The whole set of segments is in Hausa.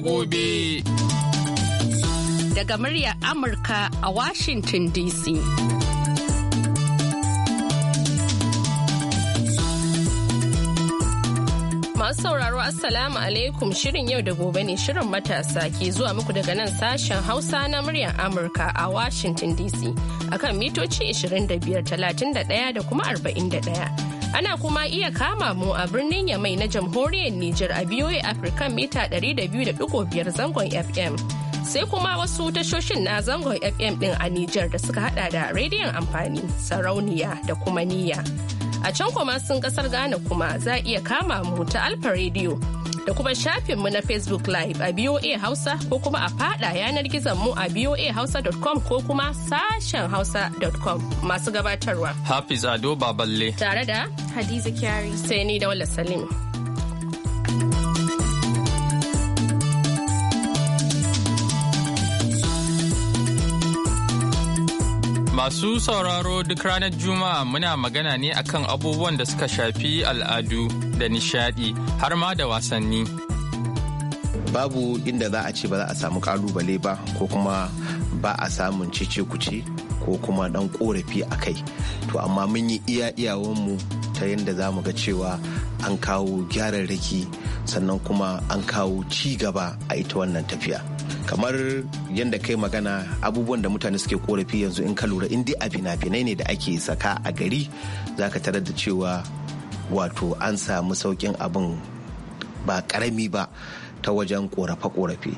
gobe. Daga muryar Amurka a Washington DC. Masu sauraro Assalamu alaikum shirin yau da gobe ne shirin matasa ke zuwa muku daga nan sashen Hausa na muryar Amurka a Washington DC akan mitoci 25, 31 da kuma 41. Ana kuma iya kama mu a birnin Yamai na jamhuriyar Nijar a biyoyi Africa mita 200.5 zangon FM. Sai kuma wasu tashoshin na zangon FM din a Nijar da suka hada da rediyon amfani, sarauniya da kuma niyya. A can kuma sun kasar Ghana kuma za iya kama mu ta Alfa Radio. da kuma shafinmu na Facebook Live a BOA Hausa ko kuma a fada yanar gizonmu a boahausa.com ko kuma sashen hausa.com masu gabatarwa. Hafiz Ado Baballe. Tare da Hadiza Kyari. Sai ni da Wala Salim. Masu sauraro duk ranar Juma'a muna magana ne akan abubuwan da suka shafi al'adu. da nishadi har ma da wasanni. Babu inda za a ce ba za a samu kalubale ba ko kuma ba a samun cece kuce ko kuma dan korafi a kai. To amma mun yi iya iyawanmu ta yadda za mu ga cewa an kawo gyararraki sannan kuma an kawo ci gaba a ita wannan tafiya. kamar yadda kai magana abubuwan da mutane suke korafi yanzu in ka lura in dai a fina-finai ne da ake saka a gari zaka tarar da cewa wato an samu saukin abin ba karami ba ta wajen korafe-korafe.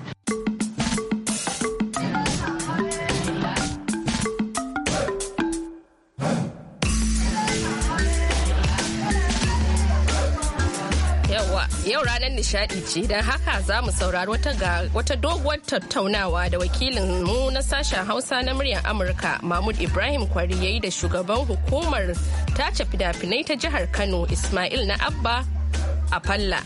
Yau ranar nishadi ce don haka za mu saurari wata doguwar tattaunawa da wakilin mu na sashen Hausa na muryar Amurka Mahmud Ibrahim Kwari yayi da shugaban hukumar Ta ce fidafinai ta jihar Kano Ismail na Abba a Falla.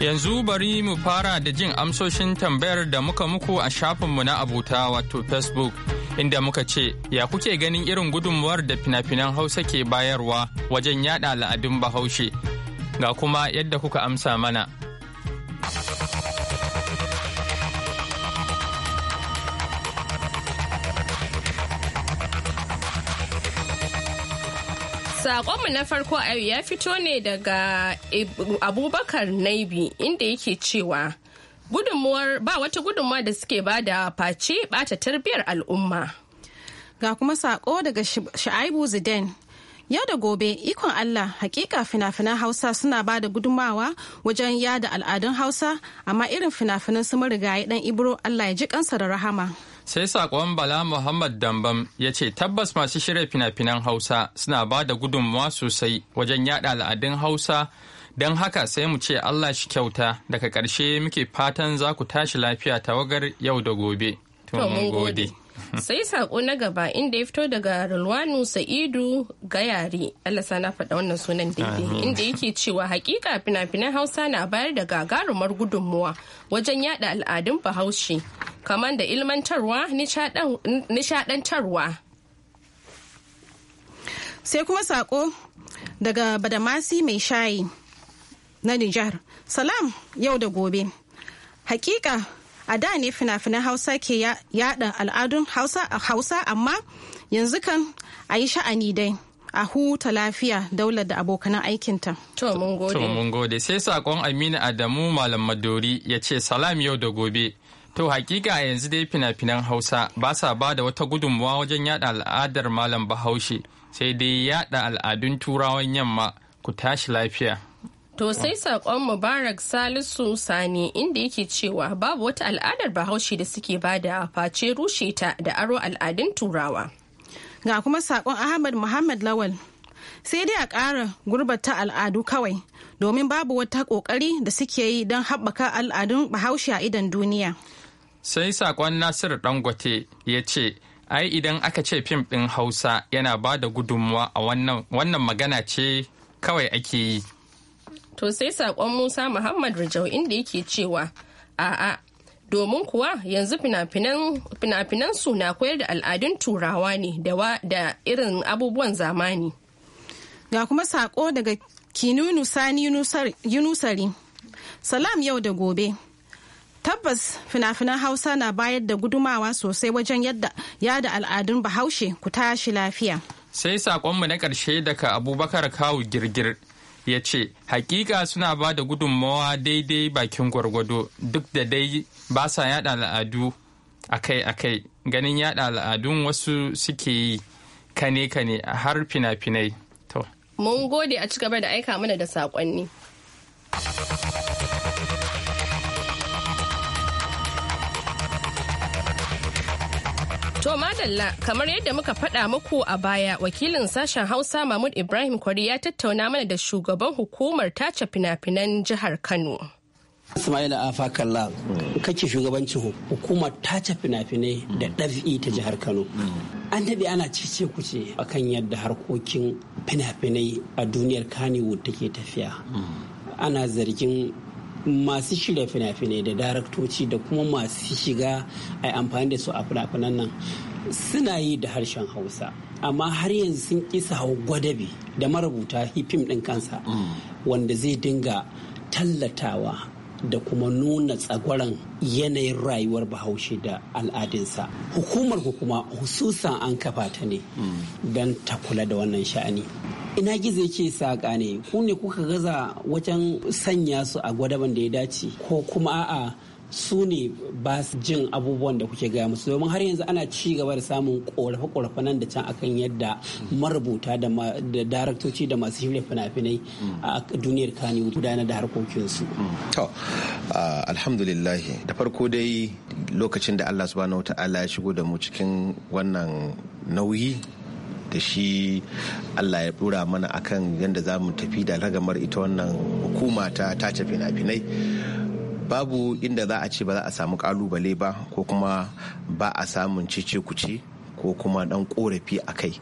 Yanzu bari mu fara da jin amsoshin tambayar da muka muku a shafinmu na abuta wato Facebook. inda muka ce ya kuke ganin irin gudunmuwar da fina-finan hausa ke bayarwa wajen yada al'adun bahaushe ga kuma yadda kuka amsa mana. saƙonmu na farko a ya fito ne daga Abubakar Naibi inda yake cewa gudunmuwar ba wata gudunmuwa da suke ba da face bata tarbiyar al'umma. Ga kuma saƙo daga Sha'ibu Zidane Yau da gobe ikon Allah hakika fina-finan Hausa suna ba da gudumawa wajen yada al'adun Hausa amma irin fina-finan su marigayi dan Ibro Allah ya ji kansa da rahama. Sai sakon Bala Muhammad Dambam ya ce tabbas masu shirya fina-finan Hausa suna ba da gudunmawa sosai wajen yada al'adun Hausa don haka sai mu ce Allah shi kyauta daga ƙarshe muke fatan za ku tashi lafiya tawagar yau da gobe. mun gode. Sai saƙo na gaba inda ya fito daga Rulwanu Sa'idu Gayari, Allah sana faɗa wannan sunan daidai, inda yake cewa hakika fina-finan Hausa na bayar da gagarumar gudunmuwa wajen yada al'adun Bahaushe, kamar da ilmantarwa, nishadantarwa. Sai kuma saƙo daga Badamasi mai shayi. na Nijar. Salam yau da gobe. Hakika a da ne fina-finan Hausa ke yada al'adun Hausa amma yanzu kan a yi sha'ani dai. a huta lafiya daular da abokanan aikinta. To mun gode. Sai saƙon Aminu Adamu Malam Madori ya ce salam yau da gobe. To hakika yanzu dai fina-finan Hausa ba sa ba da wata gudunmawa wajen yada al'adar Malam Bahaushe sai dai yada al'adun Turawan yamma ku tashi lafiya. To sai saƙon Mubarak Salisu Sani inda yake cewa babu wata al'adar bahaushe da suke bada face rushe ta da aro al'adun turawa. Ga kuma saƙon Ahmad Muhammad Lawal sai dai a ƙara gurbata al'adu kawai domin babu wata ƙoƙari da suke yi don haɓaka al'adun bahaushe a idan duniya. Sai saƙon Nasir Dangote ya ce, ai idan aka ce fim ɗin Hausa yana ba da gudunmuwa a wannan magana ce kawai ake yi. To sai saƙon Musa Muhammad Rijau inda yake cewa a'a domin kuwa yanzu fina-finan su na koyar da al'adun turawa ne da irin abubuwan zamani. Ga kuma saƙo daga Kinunu Sani Yunusari. Salam yau da gobe. tabbas fina-finan hausa na bayar da gudumawa sosai wajen yadda ya da al'adun bahaushe ku tashi lafiya sai saƙonmu na ƙarshe daga abubakar kawu girgir ya ce hakika suna ba da gudunmawa daidai bakin gwargwado duk da dai ba sa yada al'adu akai-akai ganin yada al'adun wasu suke yi kane-kane har fina-finai mun gode a ci gaba da aika mana da saƙonni. To madalla kamar yadda muka faɗa muku a baya wakilin sashen Hausa Mahmud Ibrahim Kwari ya tattauna mana da shugaban hukumar tace fina-finan jihar Kano. Ismaila Afakalla kake shugabancin hukumar tace fina-finai da ɗafi ta jihar Kano. An daɗe ana cece kuce akan yadda harkokin fina-finai a duniyar Kannywood take tafiya. Ana zargin masu shirya fina-finai da daraktoci da kuma masu shiga a amfani da su a fina-finan nan suna yi da harshen hausa amma har yanzu sun kisa hau gwadabi da marubuta hifim din kansa wanda zai dinga tallatawa da kuma nuna tsagwaran yanayin rayuwar bahaushe da al'adinsa hukumar hukuma hususan an kafa ta ne don ta kula da wannan sha'ani ina gizo yake saƙa ne ku ne kuka gaza wajen sanya su a gwadaban da ya dace ko kuma a'a su ne ba su jin abubuwan da kuke gaya musu domin har yanzu ana ci gaba da samun korafe-korafe nan da can akan yadda marubuta da daraktoci da masu shirya fina-finai a duniyar kani gudanar da harkokinsu. to alhamdulillahi da farko dai lokacin da allah subhanahu wa ta'ala ya shigo da mu cikin wannan nauyi da shi allah ya dura mana akan yadda za mu tafi da ragamar ita wannan hukuma ta tace fina-finai babu inda za a ce ba za a samu kalubale ba ko kuma ba a samun cece kuce ko kuma dan korafi a kai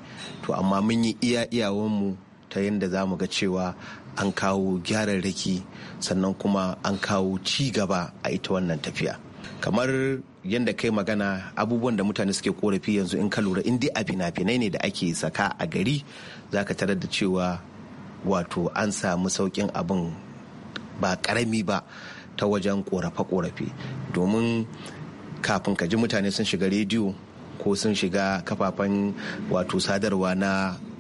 to amma mun yi iya iyawanmu ta yadda za mu ga cewa an kawo gyararraki sannan kuma an kawo ci gaba a ita wannan tafiya kamar yadda kai magana abubuwan da mutane suke korafi yanzu in ka lura in dai a fina-finai ne da ake saka a gari zaka tarar da cewa wato an samu saukin abin ba karami ba ta wajen korafe-korafe domin kafin ka ji mutane sun shiga rediyo ko sun shiga kafafen wato sadarwa na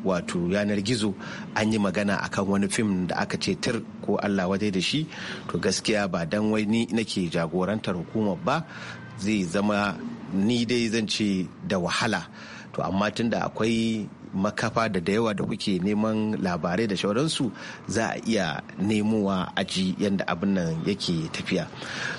wato yanar gizo an yi magana akan wani fim da aka ce tir ko allah wadai da shi to gaskiya ba dan wai ni nake jagorantar hukumar ba zai zama ni dai zan ce da wahala to amma tunda akwai makafa da da yawa da kuke neman labarai da shauransu za a iya nemowa aji yadda abin nan yake tafiya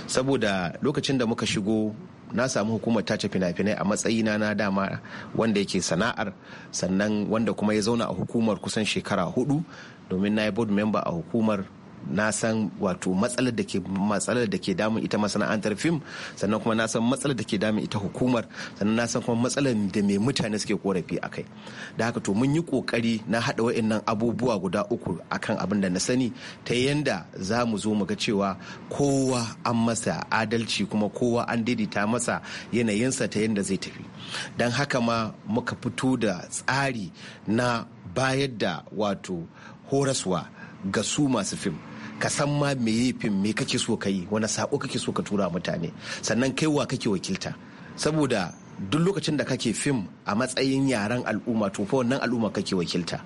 saboda lokacin da muka shigo na samu hukumar tace fina-finai a matsayina na dama wanda yake sana'ar sannan wanda kuma ya zauna a hukumar kusan shekara hudu domin na yi board member a hukumar na san wato matsalar da ke matsalar da ke damun ita masana'antar fim sannan kuma na san matsalar da ke damun ita hukumar sannan na san kuma matsalar da mai mutane suke korafi a kai da haka to mun yi kokari na haɗa wa'annan abubuwa guda uku akan abin da na sani ta yanda za mu zo mu ga cewa kowa an masa adalci kuma kowa an daidaita masa yanayinsa ta yanda zai tafi don haka ma muka fito da tsari na bayar da wato horaswa ga su masu fim ka san ma me fim me kake so ka yi wani sako kake so ka tura mutane sannan kai wa kake wakilta saboda duk lokacin da kake fim a matsayin yaren al'umma to fa wannan al'umma kake wakilta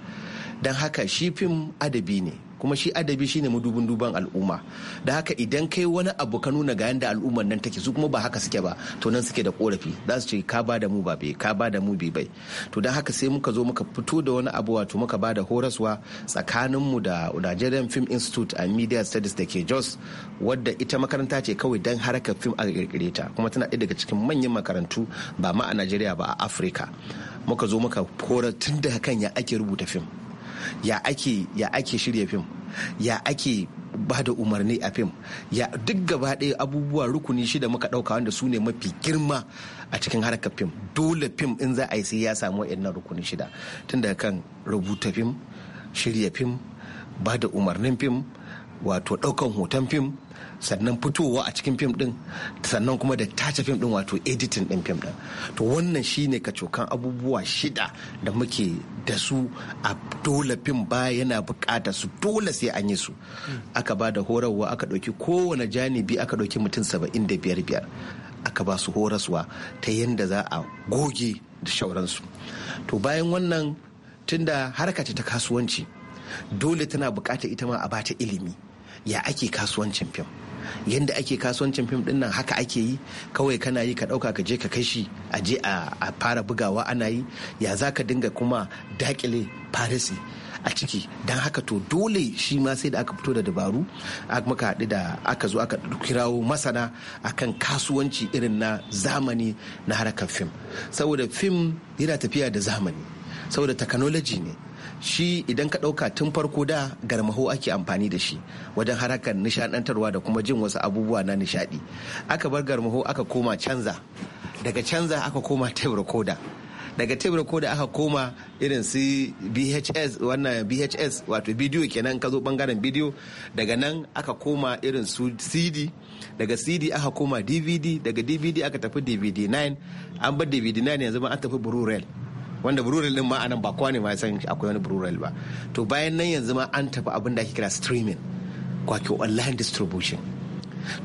don haka shi fim adabi ne kuma shi adabi shine mudubin duban al'umma da haka idan kai wani abu ka nuna ga yanda al'ummar nan take su kuma ba haka suke ba to nan suke da korafi za su ce ka ba da mu ba bai ka ba da mu bai bai to don haka sai muka zo muka fito da wani abu wato muka ba da horaswa tsakanin mu da Nigerian Film Institute and Media Studies da ke Jos wadda ita makaranta ce kawai dan harkar film a kirkire ta kuma tana daga cikin manyan makarantu ba ma a Najeriya ba a Africa muka zo muka horar tun da kan ya ake rubuta fim ya ake ya ake shirya fim ya ake ba da umarni a fim ya duk gaba ɗaya abubuwa rukuni shida muka ɗauka wanda su ne mafi girma a cikin harkar fim dole fim in za a yi sai ya samu wa'annan rukuni shida tun daga kan rubuta fim shirya fim ba da umarnin fim wato ɗaukan hoton fim sannan fitowa a cikin fim din sannan kuma da tace fim din wato editing din fim din to wannan shine kacokan abubuwa shida da muke da su a dole fim ba yana bukata su dole sai an yi su aka ba da horarwa aka ɗauki kowane janibi aka ɗauki mutum saba'in da biyar biyar aka ba su horaswa ta yadda za a goge da shauransu to bayan wannan tunda harka ce ta kasuwanci dole tana bukata ita ma a bata ilimi ya ake kasuwancin fim yadda ake kasuwancin fim din nan haka ake yi kawai kana yi ka ɗauka ka je ka kai shi a je a fara bugawa ana yi ya za ka dinga kuma dakile farisi a ciki don haka to dole shi ma sai da aka fito da dabaru aka haɗu da aka zo aka kirawo masana akan kasuwanci irin na zamani na harkar fim saboda fim yana tafiya da zamani saboda technology ne shi idan ka ɗauka tun farko da garmaho ake amfani da shi wajen harakar nishaɗantarwa da kuma jin wasu abubuwa na nishaɗi aka bar garmaho aka koma canza daga canza aka koma tape recorder daga tape recorder aka koma irin su bhs wannan bhs wato bidiyo kenan ka zo bangaren bidiyo daga nan aka koma irin su cd daga cd aka koma dvd daga dvd aka tafi dvd 9 an bar dvd 9 yanzu ma an tafi blu-ray wanda brural din ma anan ba kowa ne ma san akwai wani brural ba to bayan nan yanzu ma an tafi abin da ake kira streaming kwake online distribution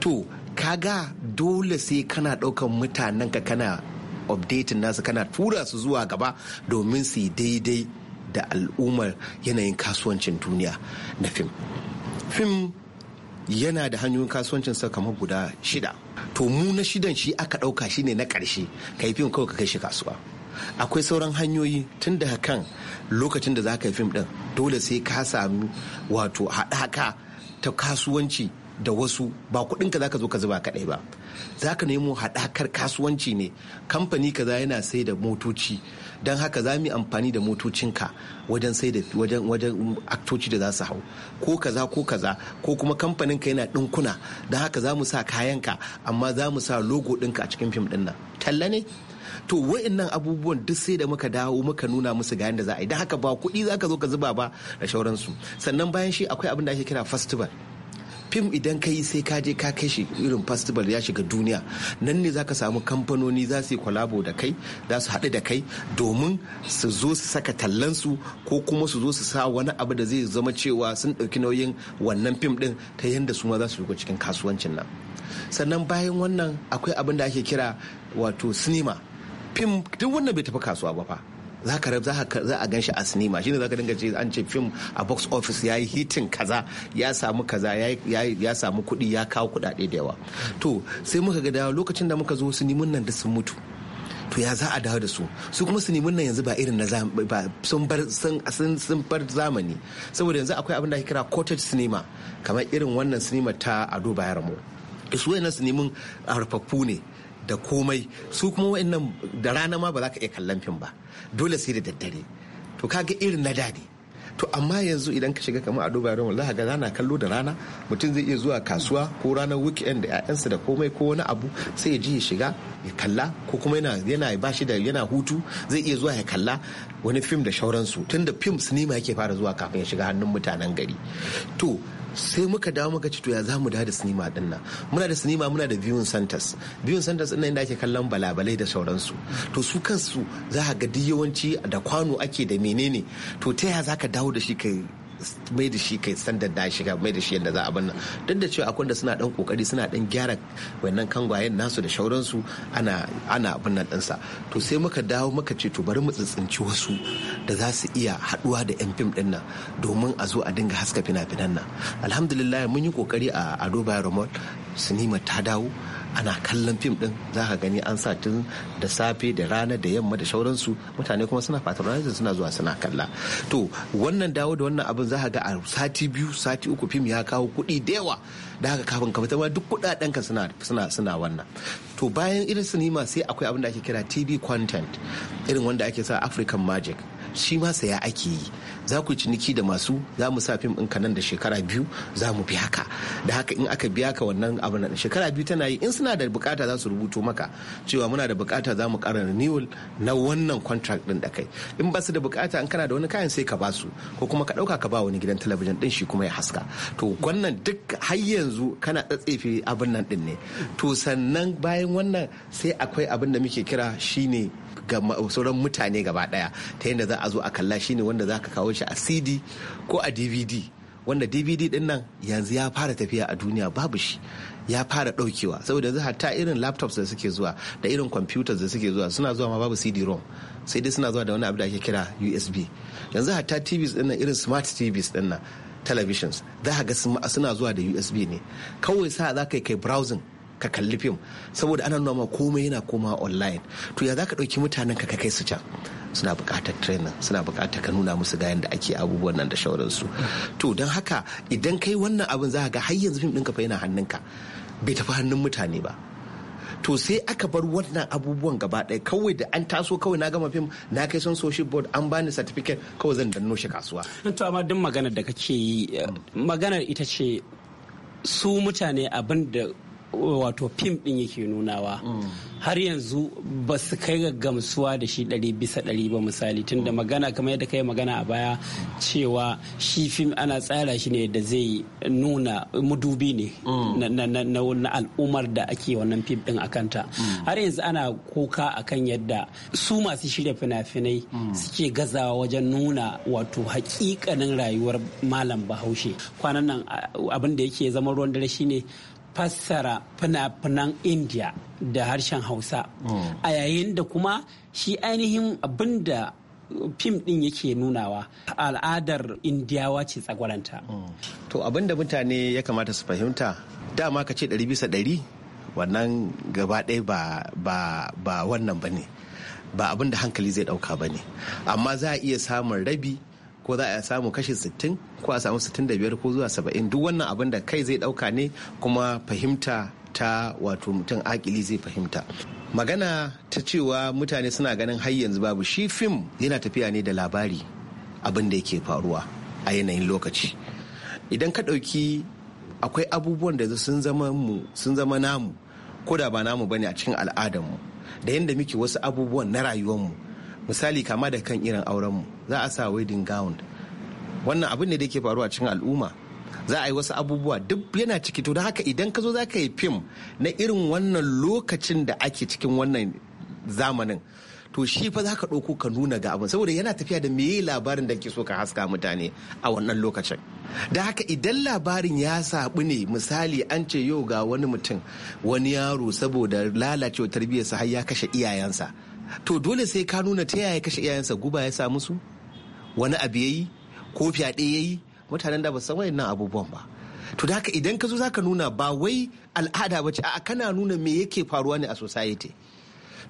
to kaga dole sai kana ɗaukan mutanen ka kana updating nasu kana tura su zuwa gaba domin su daidai da al'ummar yanayin kasuwancin duniya na fim fim yana da hanyoyin kasuwancin sa kamar guda shida to mu na shidan shi aka ɗauka shine na karshe ka fim kawai ka kai shi kasuwa akwai sauran hanyoyi tun daga kan lokacin da za ka yi fim ɗin dole sai ka sami wato haɗaka ta kasuwanci da wasu ba kuɗinka za ka zo ka zuba kaɗai ba za ka nemo haɗakar kasuwanci ne kamfani kaza yana sai da motoci don haka za mu yi amfani da motocinka wajen sai da wajen wajen aktoci da za su hau ko kaza ko kaza ko kuma kamfanin ka yana ɗinkuna don haka za mu sa kayanka amma za mu sa logo ɗinka a cikin fim ɗin nan talla ne to nan abubuwan duk sai da muka dawo muka nuna musu ga yadda za a yi da haka ba kuɗi za ka zo ka zuba ba da shauransu sannan bayan shi akwai abin da ake kira festival fim idan ka yi sai ka je ka kai shi irin festival ya shiga duniya nan ne za ka samu kamfanoni za su yi kwalabo da kai za su haɗu da kai domin su zo su saka tallansu ko kuma su zo su sa wani abu da zai zama cewa sun ɗauki nauyin wannan fim ɗin ta yadda su ma za su shiga cikin kasuwancin nan sannan bayan wannan akwai abin da ake kira wato sinima fim duk wannan bai tafi kasuwa ba fa za ka za a ganshi a sinima shine za ka dinga ce an ce fim a box office ya yi hitin kaza ya samu kaza ya samu kuɗi ya kawo kuɗaɗe da yawa to sai muka ga dawo lokacin da muka zo sinimun nan da sun mutu to ya za a dawo da su su kuma sinimun nan yanzu ba irin na sun bar sun bar zamani saboda yanzu akwai abin da ake kira cottage cinema kamar irin wannan sinima ta ado bayarmo su wayannan sinimun harfaffu ne da komai su kuma wa'annan da rana ma ba za ka iya kallon fim ba dole sai da daddare to ga irin na dadi to amma yanzu idan ka shiga kamar a duba ran wallahi ga rana kallo da rana mutum zai iya zuwa kasuwa ko ranar weekend da ƴaƴansa da komai ko wani abu sai ya ji ya shiga ya kalla ko kuma yana yana ba shi da yana hutu zai iya zuwa ya kalla wani fim da shauransu tunda fim sinima yake fara zuwa kafin ya shiga hannun mutanen gari to sai muka dawo muka ci to ya za mu da da sinima din nan muna da sinima muna da viewing centers viewing centers din nan da ake kallon balabalai da sauransu to su kansu za ka ga duk yawanci da kwano ake da menene to ta ya za ka dawo da shi kai mai da shi kai san da shiga mai da shi yadda za a banna duk da cewa akwai da suna dan kokari suna dan gyara wannan kangwayen nasu da shauransu ana ana abin nan to sai muka dawo muka ce to bari mu tsitsinci wasu da za su iya haɗuwa da yan fim ɗinnan nan domin a zo a dinga haska fina-finan nan alhamdulillah mun yi kokari a ado remote sinima ta dawo ana kallon fim din za ka gani an sa tun da safe da rana da yamma da shauransu mutane kuma suna patronizing suna zuwa suna kalla to wannan dawo da wannan abin za ka ga a sati biyu sati uku fim ya kawo kuɗi da yawa da haka kafin ka fita duk kuɗaɗen ka suna suna suna wannan to bayan irin sinima sai akwai abin da ake kira tv content irin wanda ake sa african magic shi ma saya ake yi za ku ciniki da masu za mu sa fim ɗinka nan da shekara biyu za mu biya ka da haka in aka biya ka wannan abu na shekara biyu tana yi in suna da bukata za su rubuto maka cewa muna da bukata za mu ƙara renewal na wannan contract ɗin da kai in ba su da bukata in kana da wani kayan sai ka ba su ko kuma ka ɗauka ka ba wani gidan talabijin din shi kuma ya haska to wannan duk har yanzu kana tsatsefe abin nan ɗin ne to sannan bayan wannan sai akwai abin da muke kira shine ga sauran mutane gaba daya ta yadda za a zo a kalla shi ne wanda za ka kawo shi a cd ko a dvd wanda dvd din nan yanzu ya fara tafiya a duniya babu shi ya fara daukewa saboda yanzu hatta irin laptops da suke zuwa da irin computers da suke zuwa suna zuwa ma babu cd-rom sai dai suna zuwa da wani abu da ake kira usb yanzu hatta tvs din nan irin smart tvs din nan televisions za ga suna zuwa da usb ne kawai sa za ka kai browsing ka kalli fim saboda ana nuna ma komai yana koma online to ya zaka ka ɗauki mutanen ka kai su can suna buƙatar training suna buƙatar ka nuna musu ga yadda ake abubuwan nan da shauransu to don haka idan kai wannan abin za ga har yanzu fim ɗinka fa yana hannunka bai tafi hannun mutane ba to sai aka bar wannan abubuwan gaba ɗaya kawai da an taso kawai na gama fim na kai son social board an bani certificate kawai zan danno shi kasuwa to amma duk maganar da kake yi eh, maganar ita ce su mutane abin da wato fim din yake nunawa har yanzu ba su kai ga gamsuwa da shi ɗari bisa ɗari ba misali tun da mm. magana kamar yadda kai magana a baya cewa shi fim ana tsara shi ne da zai nuna mudubi ne mm. na al'ummar da ake wannan fim din a kanta mm. har yanzu ana kuka kan yadda su masu shirya fina-finai suke gazawa wajen nuna wato hakikanin rayuwar malam bahaushe kwanan nan abin da yake zama ruwan dare shine fassara fina-finan india da harshen hausa hmm. a yayin da kuma shi ainihin abinda fim din yake nunawa al'adar indiyawa ce tsagwaranta hmm. to abin da mutane ya kamata su fahimta dama ka ce 100 bisa 100 wannan gaba ɗaya ba wannan ba ne ba abin da hankali zai ɗauka ba ne amma za a iya samun rabi ko za a samu kashi 60 ko a samu 65 ko zuwa 70 duk wannan abin da kai zai dauka ne kuma fahimta ta wato mutum akili zai fahimta magana ta cewa mutane suna ganin har yanzu babu shi fim yana tafiya ne da labari abin da yake faruwa a yanayin lokaci idan ka ɗauki akwai abubuwan da sun zama mu sun zama namu ko da ba namu bane a cikin al'adarmu da yadda muke wasu abubuwan na mu. misali kama da kan irin auren mu za a sa wedding gown wannan abin ne da ke faruwa cikin al'umma za a yi wasu abubuwa duk yana ciki to da haka idan ka zo za ka yi fim na irin wannan lokacin da ake cikin wannan zamanin to shi fa za ka ɗauko ka nuna ga abin saboda yana tafiya da meye labarin da ke so ka haska mutane a wannan lokacin da haka idan labarin ya saɓu ne misali an ce yau ga wani mutum wani yaro saboda lalacewa tarbiyyarsa har ya kashe iyayensa to dole sai ka nuna ta yaya kashe iyayensa guba ya sa musu wani abu ya yi ko fyaɗe ya yi mutanen da ba san wayannan abubuwan ba to da haka idan ka zo zaka nuna ba wai al'ada ba ce a'a kana nuna me yake faruwa ne a society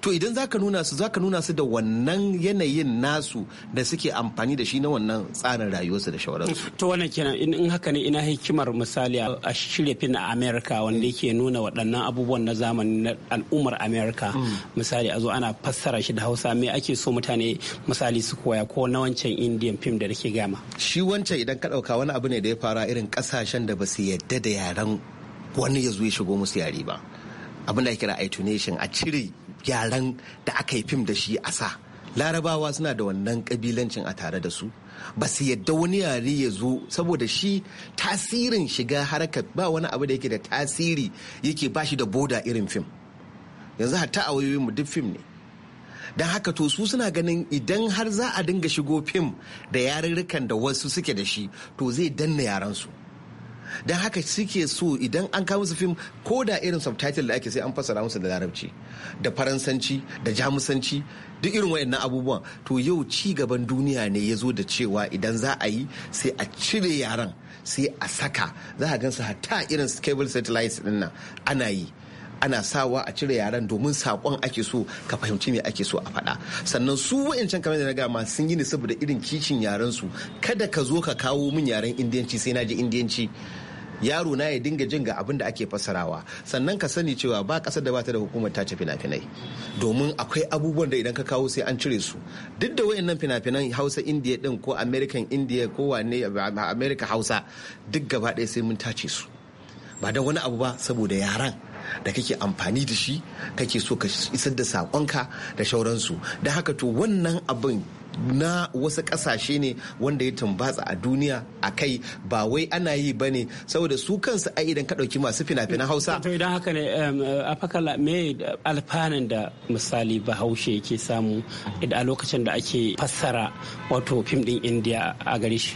to idan zaka nuna su zaka nuna su da wannan yanayin nasu da suke amfani da shi na wannan tsarin rayuwarsu da shawararsu to wannan kenan in haka ne ina hikimar misali a shirya fin a america wanda yake nuna waɗannan abubuwan na zamani na al'ummar america mm. misali a zo ana fassara shi da hausa me ake so mutane misali su koya ko na wancan indian film da nake gama shi wancan idan ka ɗauka wani abu ne da ya fara irin ƙasashen da ba su yadda da yaren wani ya zo ya shigo musu yare ba abin da ake kira tunishin a cire gyaran da aka yi fim da shi a sa larabawa suna da wannan kabilancin a tare da su ba su yadda wani yare ya zo saboda shi tasirin shiga haraka ba wani abu da yake da tasiri yake ba shi da boda irin fim yanzu hatta a mu duk fim ne don haka to su suna ganin idan har za a dinga shigo fim da yarurrukan da wasu suke da shi to zai danna yaransu su don haka suke so idan an kawo musu fim ko da irin subtitle da ake sai an fassara musu da larabci da faransanci da jamusanci duk irin wayannan abubuwan to yau ci gaban duniya ne ya zo da cewa idan za a yi sai a cire yaran sai a saka za a gansu hatta irin cable satellites din nan ana yi ana sawa a cire yaran domin sakon ake so ka fahimci me ake so a faɗa sannan su wa'ancan kamar da na gama sun yi ne saboda irin kicin yaran su kada ka zo ka kawo min yaren indiyanci sai na je indiyanci yaro na ya dinga jin ga abin da ake fassarawa sannan ka sani cewa ba kasa da bata da hukumar tace fina-finai domin akwai abubuwan da idan ka kawo sai an cire su duk da wayannan fina-finan hausa indiya din ko american indiya ko wane america hausa duk gaba ɗaya sai mun tace su ba da wani abu ba saboda yaran da kake amfani da shi kake so ka isar da saƙonka da shauransu da haka to wannan abin na wasu kasashe ne wanda ya tumbatsa a duniya a kai ba wai ana yi ba ne saboda su kansu a idan ka ɗauki masu fina-finan hausa to idan haka ne eh, afakala me alfanan da misali bahaushe ke samu a lokacin da ake fassara wato fim din indiya a gare shi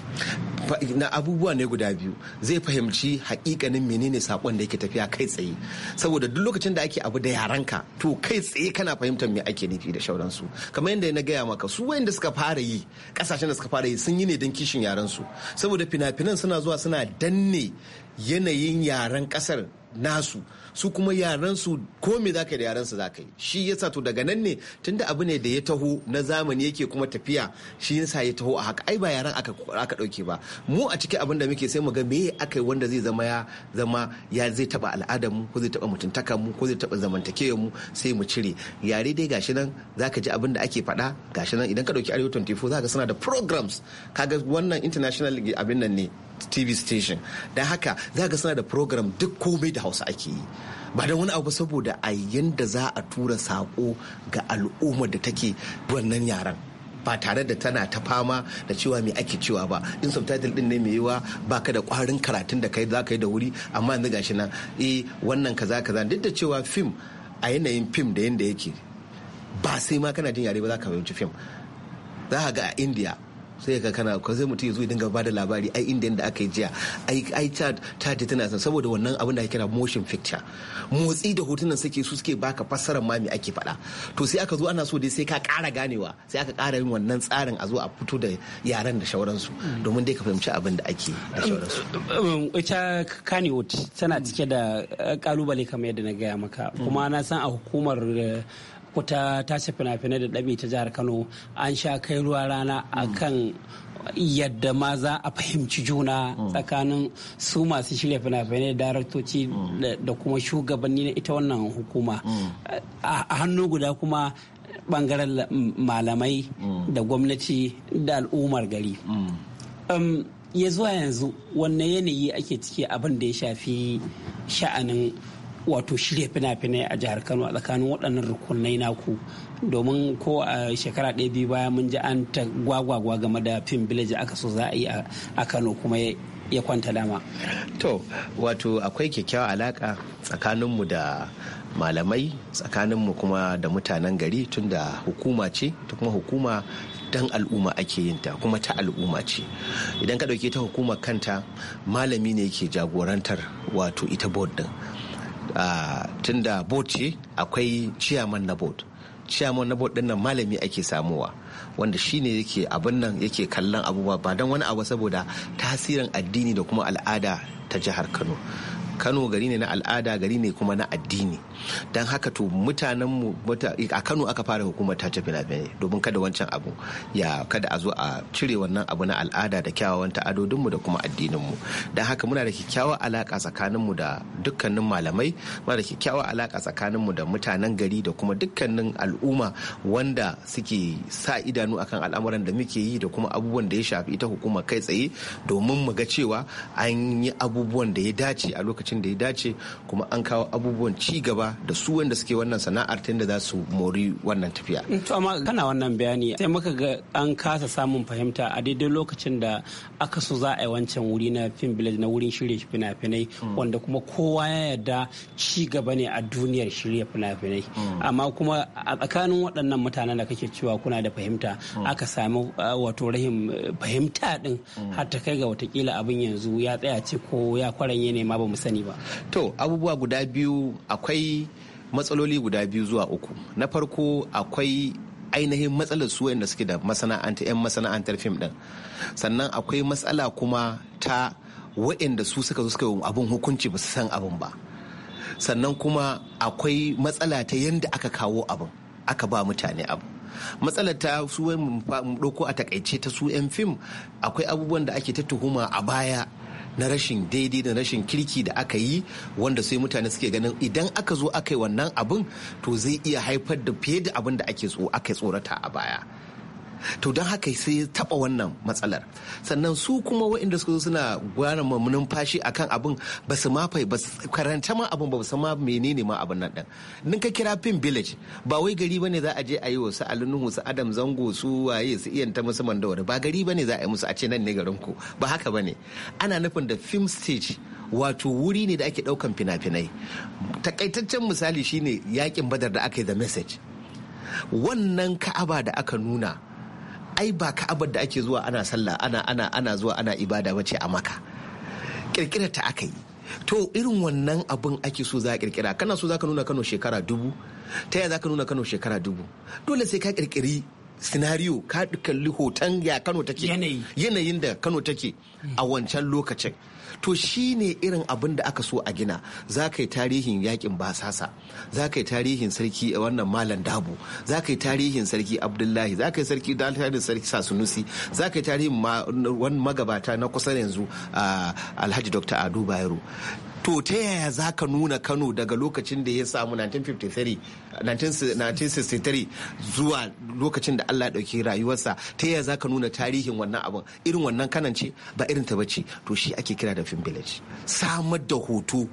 na abubuwa ne guda biyu zai fahimci hakikanin menene sakon da yake tafiya kai tsaye saboda duk lokacin da ake abu da yaranka to kai tsaye kana fahimtar me ake nufi da shauransu kamar yadda na gaya maka su wayanda suka suka fara yi kasashen da suka fara yi sun yi ne don kishin yaran su saboda fina-finan suna zuwa suna danne yanayin yaren kasar nasu su kuma yaran su ko me zaka da yaran su zaka yi shi yasa to daga nan ne tunda abu ne da ya taho na zamani yake kuma tafiya shi yasa ya taho a haka ai ba yaran aka aka dauke ba mu a cikin abin da muke sai mu ga me aka yi wanda zai zama ya zama ya zai taba al'adar mu ko zai taba mutuntaka mu ko zai taba zamantakewar mu sai mu cire yare dai gashi nan zaka ji abin da ake faɗa gashi nan idan ka dauki Arewa 24 zaka suna da programs kaga wannan international abin nan ne tv station da haka za ga suna da program duk komai da hausa ake yi ba da wani abu saboda a yanda za a tura sako ga al'ummar da take wannan yaren ba tare da tana ta fama da cewa mai ake cewa ba in subtitle din ne mai yiwa baka da kwarin karatun da kai za ka yi da wuri amma yanzu gashi nan eh wannan kaza kaza duk da cewa fim a yanayin fim da yanda yake ba sai ma kana jin yare ba za ka fahimci fim za ka ga a india sai ka kana ko sai mutum ya dinga bada labari ai inda yanda aka yi jiya ai ai chat tana san saboda wannan abin da ake kira motion picture motsi da hotunan suke su suke baka fassarar ma me ake faɗa to sai aka zo ana so dai sai ka kara ganewa sai aka kara yin wannan tsarin a zo a fito da yaran da shauransu domin dai ka fahimci abin da ake da shauransu um, ita kaniwot tana cike da kalubale eh, kamar yadda na gaya maka kuma na san a hukumar eh, kuta tace fina-finai da ɗabi ta jihar kano an sha kai ruwa rana a kan yadda ma za a fahimci juna tsakanin su masu shirya fina-finai da daraktoci da kuma shugabanni na ita wannan hukuma a hannu guda kuma bangaren malamai da gwamnati da al'ummar gari ya zuwa yanzu wanne yanayi ake ciki abin da ya shafi sha'anin wato shirya fina-finai a jihar kano a tsakanin waɗannan rukunai naku domin ko a shekara ɗaya biyu baya mun ji an ta gwagwagwa game da fim village aka so za a yi a kano kuma ya kwanta dama to wato akwai kyakkyawar alaka tsakaninmu da malamai tsakaninmu kuma da mutanen gari tun da hukuma ce ta kuma hukuma dan al'umma ake yin ta kuma ta al'umma ce idan ka ɗauke ta hukumar kanta malami ne yake jagorantar wato ita board din Ah, tunda board ce akwai ciyaman na board ciyaman na board din nan malami ake samuwa wanda shine yake abin nan yake kallon abubuwa ba don wani abu saboda tasirin addini da kuma al'ada ta jihar kano kano gari ne na al'ada gari ne kuma na addini don haka to mutanen mu a kano aka fara hukumar ta tafi finai domin kada wancan abu ya kada a zo a cire wannan abu na al'ada da kyawawan ta'adodinmu da kuma addinin mu don haka muna da kyakkyawar alaka tsakaninmu da dukkanin malamai muna da kyakkyawar alaka tsakaninmu da mutanen gari da kuma dukkanin al'umma wanda suke sa idanu akan al'amuran da muke yi da kuma abubuwan da ya shafi ita hukumar kai tsaye domin mu ga cewa an yi abubuwan da ya dace a lokacin lokacin da ya dace kuma an kawo abubuwan ci gaba da su wanda suke wannan sana'ar ta inda za su mori wannan tafiya. Eh, to amma kana wannan bayani sai muka ga an kasa samun fahimta a daidai lokacin da aka so za a yi wancan wuri na film village na wurin shirya fina-finai hmm. wanda kuma kowa ya yarda ci gaba ne a duniyar shirya fina-finai hmm. amma kuma a tsakanin waɗannan mutanen da kake cewa kuna da fahimta hmm. aka samu ah, wato rahim eh, fahimta din har ta kai ga watakila abin yanzu ya tsaya ce ko ya kwaranye ne ma ba mu sani sani ba to abubuwa guda biyu akwai matsaloli guda biyu zuwa uku na farko akwai ainihin matsalar su wayanda suke da masana'anta 'yan masana'antar fim din sannan akwai matsala kuma ta wayanda su suka zo suka abin hukunci ba su san abin ba sannan kuma akwai matsala ta yadda aka kawo abin aka ba mutane abu matsalar ta su mu a takaice ta su 'yan fim akwai abubuwan da ake ta tuhuma a baya na rashin daidai da rashin kirki da aka yi wanda sai mutane suke ganin idan aka zo aka yi wannan abin to zai iya haifar da fiye da abin da ake tsorata a baya to don haka sai taba wannan matsalar sannan su kuma waɗanda suka zo suna gwara mamunin fashi akan abin ba su ma fai ba karanta ma abin ba su ma menene ma abin nan din nin ka kira pin village ba wai gari bane za a je a yi wa su alunuhu su adam zango su waye su iya ta musu mandawari ba gari bane za a yi musu a ce nan ne garin ku ba haka bane ana nufin da film stage wato wuri ne da ake ɗaukan fina-finai takaitaccen misali shine yakin badar da aka yi the message wannan ka'aba da aka nuna ai ba ka'abar da ake zuwa ana sallah ana ana ana zuwa ana ibada bace a maka kirkirar ta aka yi to irin wannan abin ake so za a kirkira kana so za ka nuna kano shekara dubu ta yaya za ka nuna kano shekara dubu dole sai ka kirkiri Sinariyo ka kalli hoton ya kano take yanayin da kano take a wancan lokacin to shi ne irin abin da aka so a gina za ka yi tarihin yakin basasa za ka yi tarihin sarki a eh, wannan malam dabu za ka yi tarihin sarki abdullahi za ka yi sarki dalilin sarki sasunusi za ka yi tarihin magabata na kusa yanzu ah, alhaji dr ado bayero to ta yaya za ka nuna kano daga lokacin da ya samu 1963 zuwa lokacin da allah ɗauki rayuwarsa ta yaya za ka nuna tarihin wannan abin irin wannan kanan ce ba irin ta bace to shi ake kira da film village samar da hoto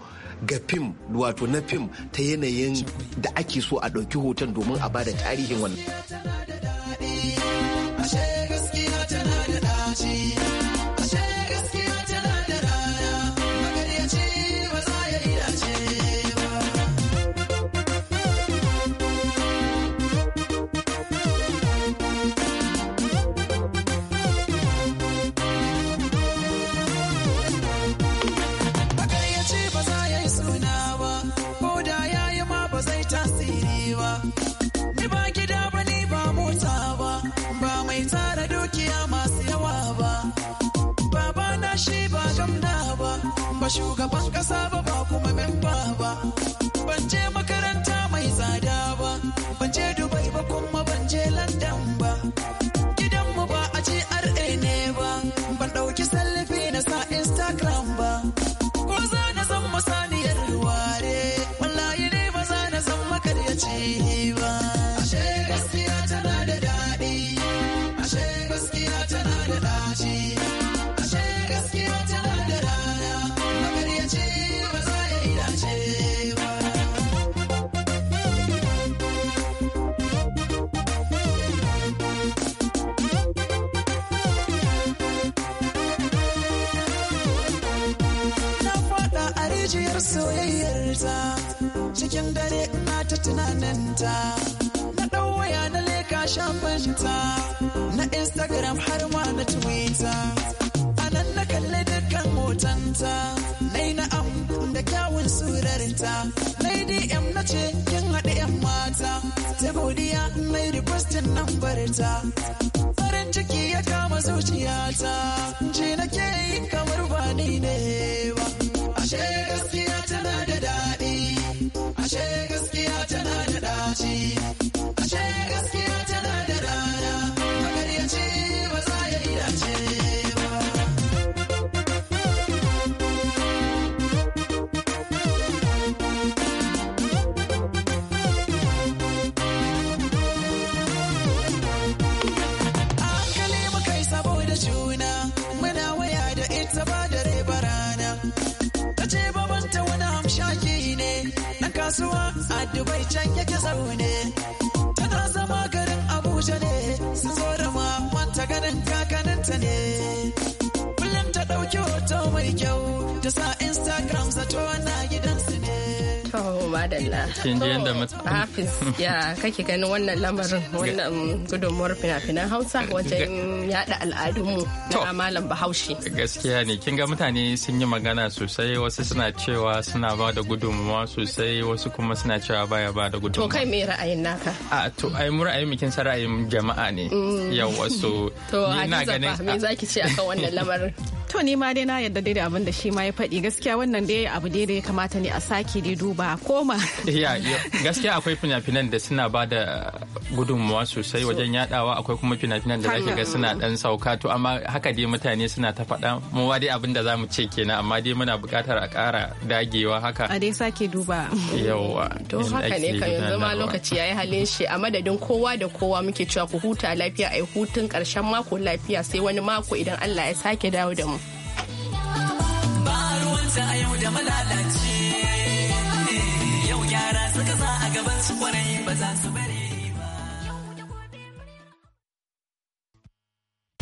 ga fim wato na fim ta yanayin da ake so a ɗauki hoton domin a bada tarihin wannan tunananta na ɗan waya na leka shafanta na instagram har ma na twitter a nan na kalli dukkan hotonta na yi na'am da kyawun surarinta na yi dm na ce kin haɗe yan mata ta godiya na yi requestin nan barta farin ciki ya kama zuciyata ce ke yi kamar ba ni ne ba ashe gaskiya tana da daɗi ashe madalla. Kin ji yadda Hafiz ah, ya kake ganin wannan lamarin wannan gudunmuwar fina-finan Hausa wajen yada al'adunmu na malam Bahaushe. Gaskiya ne kin ga mutane sun yi magana sosai wasu suna cewa suna ba da gudunmuwa sosai wasu kuma suna cewa baya ba da gudunmuwa. To kai me ra'ayin naka? A to ai mu ra'ayin mu kin sa ra'ayin jama'a ne. Mm. Yau wasu. To Hadiza ba me zaki ce akan wannan lamarin? to ni ma dai na yadda dai da abin da shi ma ya faɗi gaskiya wannan dai abu dai da ya kamata ne a sake dai duba koma gaskiya akwai fina-finan da suna ba da gudunmuwa sosai wajen yadawa akwai kuma fina-finan da zaki ga suna dan sauka to amma haka dai mutane suna ta faɗa mu dai abin da zamu ce kenan amma dai muna buƙatar a ƙara dagewa haka a dai sake duba yawa to haka ne ka yanzu ma lokaci yayi halin shi a madadin kowa da kowa muke cewa ku huta lafiya ai hutun karshen mako lafiya sai wani mako idan Allah ya sake dawo da mu yau gyara suka za a gaban su kwarai ba za su bai